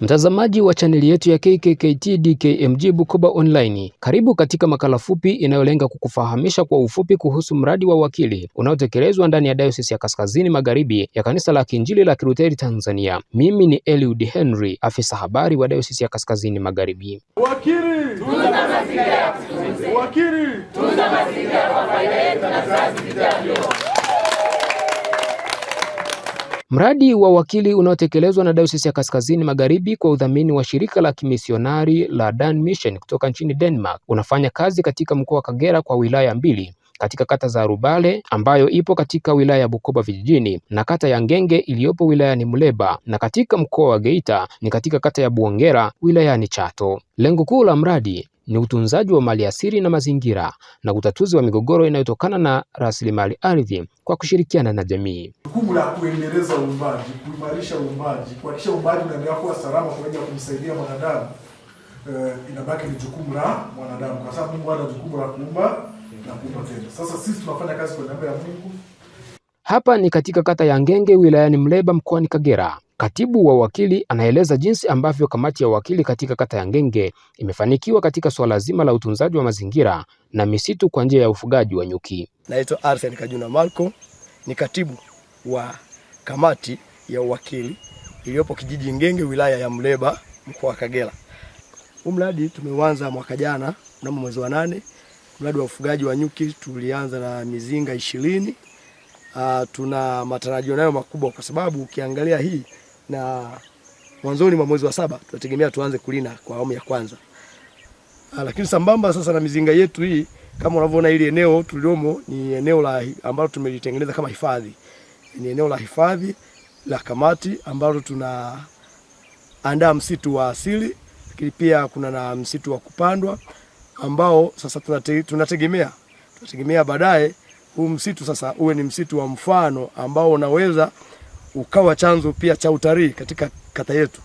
Mtazamaji wa chaneli yetu ya KKKT DKMG Bukoba Online, karibu katika makala fupi inayolenga kukufahamisha kwa ufupi kuhusu mradi wa Uwakili unaotekelezwa ndani ya Dayosisi ya Kaskazini Magharibi ya Kanisa la Kiinjili la Kilutheri Tanzania. Mimi ni Eliud Henry, afisa habari wa Dayosisi ya Kaskazini Magharibi. Wakili, tunza mazingira ya tunza mazingira kwa faida yetu na vizazi vijavyo. Mradi wa wakili unaotekelezwa na Dayosisi ya Kaskazini Magharibi kwa udhamini wa shirika la kimisionari la Dan Mission kutoka nchini Denmark unafanya kazi katika mkoa wa Kagera kwa wilaya mbili katika kata za Rubale ambayo ipo katika wilaya ya Bukoba vijijini na kata ya Ngenge iliyopo wilayani Muleba na katika mkoa wa Geita ni katika kata ya Buongera wilayani Chato. Lengo kuu la mradi ni utunzaji wa mali asili na mazingira na utatuzi wa migogoro inayotokana na rasilimali ardhi kwa kushirikiana na jamii. Jukumu la kuendeleza uumbaji, kuimarisha uumbaji, kuhakikisha uumbaji unaendelea kuwa salama kwa ajili ya kumsaidia mwanadamu uh, inabaki ni jukumu la mwanadamu, kwa sababu Mungu ana jukumu la kuumba na kuumba tena. Sasa sisi tunafanya kazi kwa namna ya Mungu. Hapa ni katika kata ya Ngenge wilayani Mleba mkoani Kagera Katibu wa Wakili anaeleza jinsi ambavyo kamati ya wakili katika kata ya Ngenge imefanikiwa katika suala zima la utunzaji wa mazingira na misitu kwa njia ya ufugaji wa nyuki. Naitwa Arsen Kajuna Marco, ni katibu wa kamati ya uwakili iliyopo kijiji Ngenge, wilaya ya Mleba, mkoa wa Kagera. Huu mradi tumeuanza mwaka jana mnamo mwezi wa nane. Mradi wa ufugaji wa nyuki tulianza na mizinga ishirini. Uh, tuna matarajio nayo makubwa kwa sababu ukiangalia hii na mwanzoni mwa mwezi wa saba tunategemea tuanze kulina kwa awamu ya kwanza. Ha, ah, lakini sambamba sasa na mizinga yetu hii kama unavyoona ile eneo tuliomo ni eneo la ambalo tumelitengeneza kama hifadhi. Ni eneo la hifadhi la kamati ambalo tuna andaa msitu wa asili lakini pia kuna na msitu wa kupandwa ambao sasa tunate, tunategemea tunategemea baadaye huu msitu sasa uwe ni msitu wa mfano ambao unaweza ukawa chanzo pia cha utalii katika kata yetu.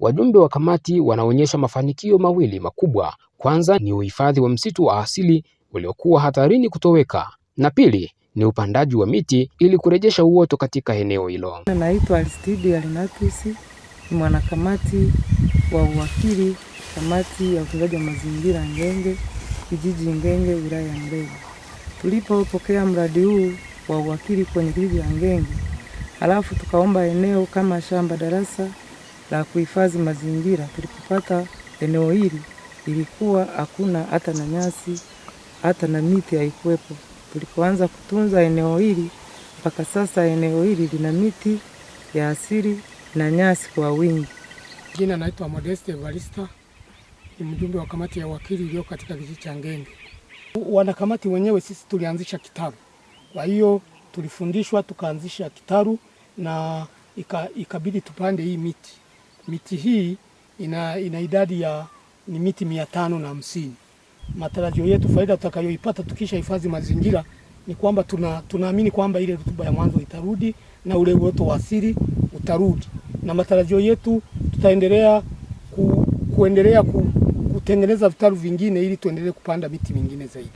Wajumbe wa kamati wanaonyesha mafanikio mawili makubwa. Kwanza ni uhifadhi wa msitu wa asili uliokuwa hatarini kutoweka, na pili ni upandaji wa miti ili kurejesha uoto katika eneo hilo. Naitwa Aristide Alinatus, ni mwanakamati wa uwakili kamati ya utunzaji wa mazingira Ngenge, kijiji Ngenge, wilaya ya Mbezi. Tulipopokea mradi huu wa uwakili kwenye kijiji cha Ngenge Halafu tukaomba eneo kama shamba darasa la kuhifadhi mazingira. Tulipopata eneo hili ilikuwa hakuna hata na nyasi hata na miti haikuwepo. Tulipoanza kutunza eneo hili, mpaka sasa eneo hili lina miti ya asili na nyasi kwa wingi. Jina naitwa Modeste Evarista, ni mjumbe wa kamati ya wakili iliyo katika kijiji cha Ngenge. Wanakamati wenyewe sisi tulianzisha kitabu, kwa hiyo tulifundishwa tukaanzisha kitaru na ikabidi tupande hii miti. Miti hii ina, ina idadi ya ni miti mia tano na hamsini. Matarajio yetu faida tutakayoipata tukisha hifadhi mazingira ni kwamba tuna, tunaamini kwamba ile rutuba ya mwanzo itarudi na ule uoto wa asili utarudi, na matarajio yetu tutaendelea ku, kuendelea ku, kutengeneza vitalu vingine ili tuendelee kupanda miti mingine zaidi.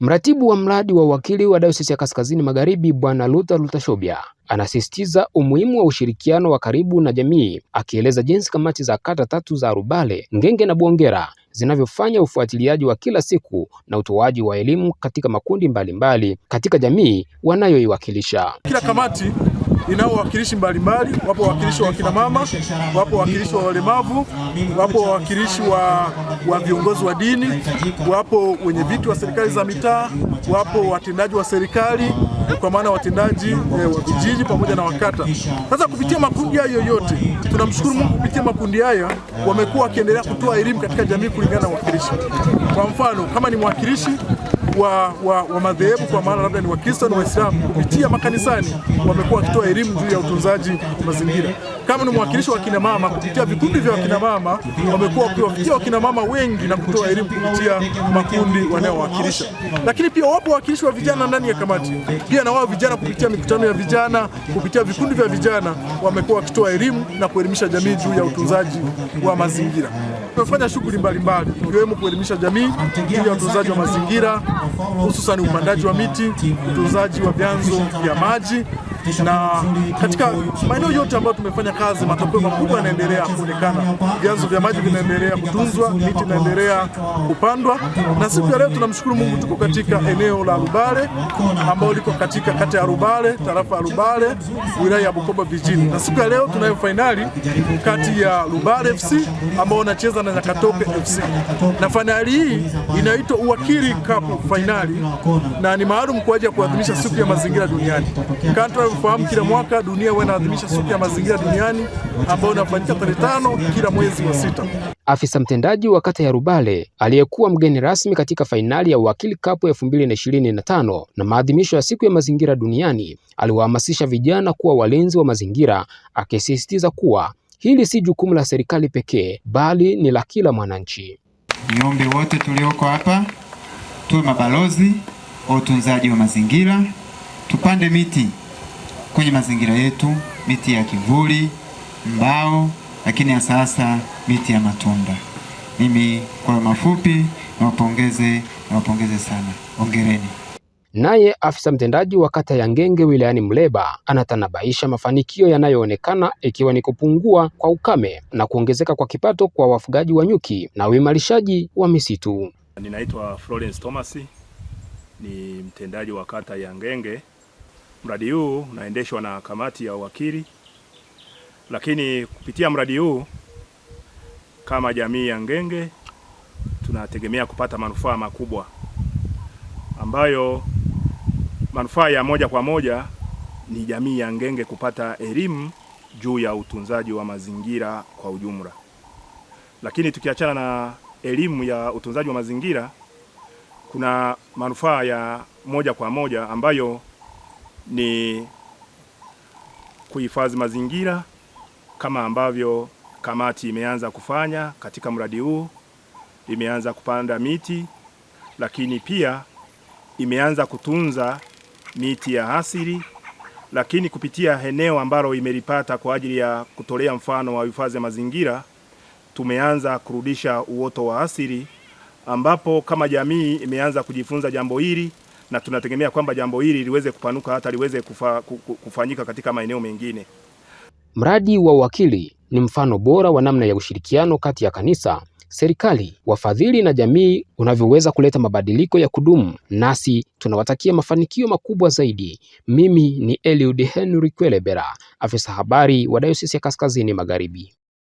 Mratibu wa mradi wa uwakili wa Dayosisi ya Kaskazini Magharibi Bwana Luther lutashobia anasisitiza umuhimu wa ushirikiano wa karibu na jamii, akieleza jinsi kamati za kata tatu za Rubale, Ngenge na Bwongera zinavyofanya ufuatiliaji wa kila siku na utoaji wa elimu katika makundi mbalimbali mbali katika jamii wanayoiwakilisha. Kila kamati inao wawakilishi mbalimbali. Wapo wawakilishi wa kina mama, wapo wawakilishi wa walemavu, wapo wawakilishi wa, wa viongozi wa dini, wapo wenye viti wa serikali za mitaa, wapo watendaji wa serikali kwa maana watendaji eh, wa vijiji pamoja na wakata. Sasa kupitia makundi hayo yote, tunamshukuru Mungu, kupitia makundi haya wamekuwa wakiendelea kutoa elimu katika jamii kulingana na uwakilishi. Kwa mfano kama ni mwakilishi wa, wa, wa madhehebu kwa maana labda ni Wakristo na Waislamu kupitia makanisani wamekuwa wakitoa elimu juu ya utunzaji mazingira. Kama ni mwakilishi wa kina mama kupitia vikundi vya wakina mama wamekuwa wakiwafikia wakina mama wengi na kutoa elimu kupitia makundi wanayowakilisha. Lakini pia wapo wawakilishi wa vijana ndani ya kamati, pia na wao vijana kupitia mikutano ya vijana, kupitia vikundi vya vijana wamekuwa wakitoa elimu na kuelimisha jamii juu ya utunzaji wa mazingira. Tumefanya shughuli mbalimbali ikiwemo kuelimisha jamii juu ya utunzaji wa mazingira, hususani upandaji wa miti, utunzaji wa vyanzo vya maji na katika maeneo yote ambayo tumefanya kazi, matokeo makubwa yanaendelea kuonekana. Vyanzo vya maji vinaendelea kutunzwa, miti inaendelea kupandwa, na siku ya leo tunamshukuru Mungu, tuko katika eneo la Rubale ambao liko katika kata ya Rubale, tarafa ya Rubale, wilaya ya Bukoba vijijini, na siku ya leo tunayo fainali kati ya Rubale FC ambao wanacheza na Nyakatope FC, na fainali hii inaitwa Uwakili Cup fainali na ni maalum kwa ajili ya kuadhimisha siku ya mazingira duniani Kantra Tufahamu kila mwaka dunia huwa inaadhimisha siku ya mazingira duniani ambayo inafanyika tarehe tano kila mwezi wa sita. Afisa mtendaji wa kata ya Rubale aliyekuwa mgeni rasmi katika fainali ya Uwakili Cup 2025 na maadhimisho ya siku ya mazingira duniani aliwahamasisha vijana kuwa walinzi wa mazingira, akisisitiza kuwa hili si jukumu la serikali pekee bali ni la kila mwananchi. Niombe wote tulioko hapa tuwe mabalozi wa utunzaji wa mazingira, tupande miti kwenye mazingira yetu, miti ya kivuli, mbao, lakini hasa miti ya matunda. Mimi kwa mafupi nawapongeze, nawapongeze sana, ongereni Naye afisa mtendaji wa kata ya Ngenge wilayani Muleba anatanabaisha mafanikio yanayoonekana ikiwa ni kupungua kwa ukame na kuongezeka kwa kipato kwa wafugaji wa nyuki na uimarishaji wa misitu. Ninaitwa Florence Thomas, ni mtendaji wa kata ya Ngenge. Mradi huu unaendeshwa na kamati ya uwakili, lakini kupitia mradi huu kama jamii ya Ngenge tunategemea kupata manufaa makubwa ambayo manufaa ya moja kwa moja ni jamii ya Ngenge kupata elimu juu ya utunzaji wa mazingira kwa ujumla. Lakini tukiachana na elimu ya utunzaji wa mazingira, kuna manufaa ya moja kwa moja ambayo ni kuhifadhi mazingira kama ambavyo kamati imeanza kufanya katika mradi huu, imeanza kupanda miti, lakini pia imeanza kutunza miti ya asili, lakini kupitia eneo ambalo imelipata kwa ajili ya kutolea mfano wa hifadhi ya mazingira, tumeanza kurudisha uoto wa asili, ambapo kama jamii imeanza kujifunza jambo hili na tunategemea kwamba jambo hili liweze kupanuka hata liweze kufa, kufanyika katika maeneo mengine. Mradi wa uwakili ni mfano bora wa namna ya ushirikiano kati ya kanisa, serikali, wafadhili na jamii unavyoweza kuleta mabadiliko ya kudumu, nasi tunawatakia mafanikio makubwa zaidi. Mimi ni Eliud Henry Kwelebera, afisa habari wa Dayosisi ya Kaskazini Magharibi.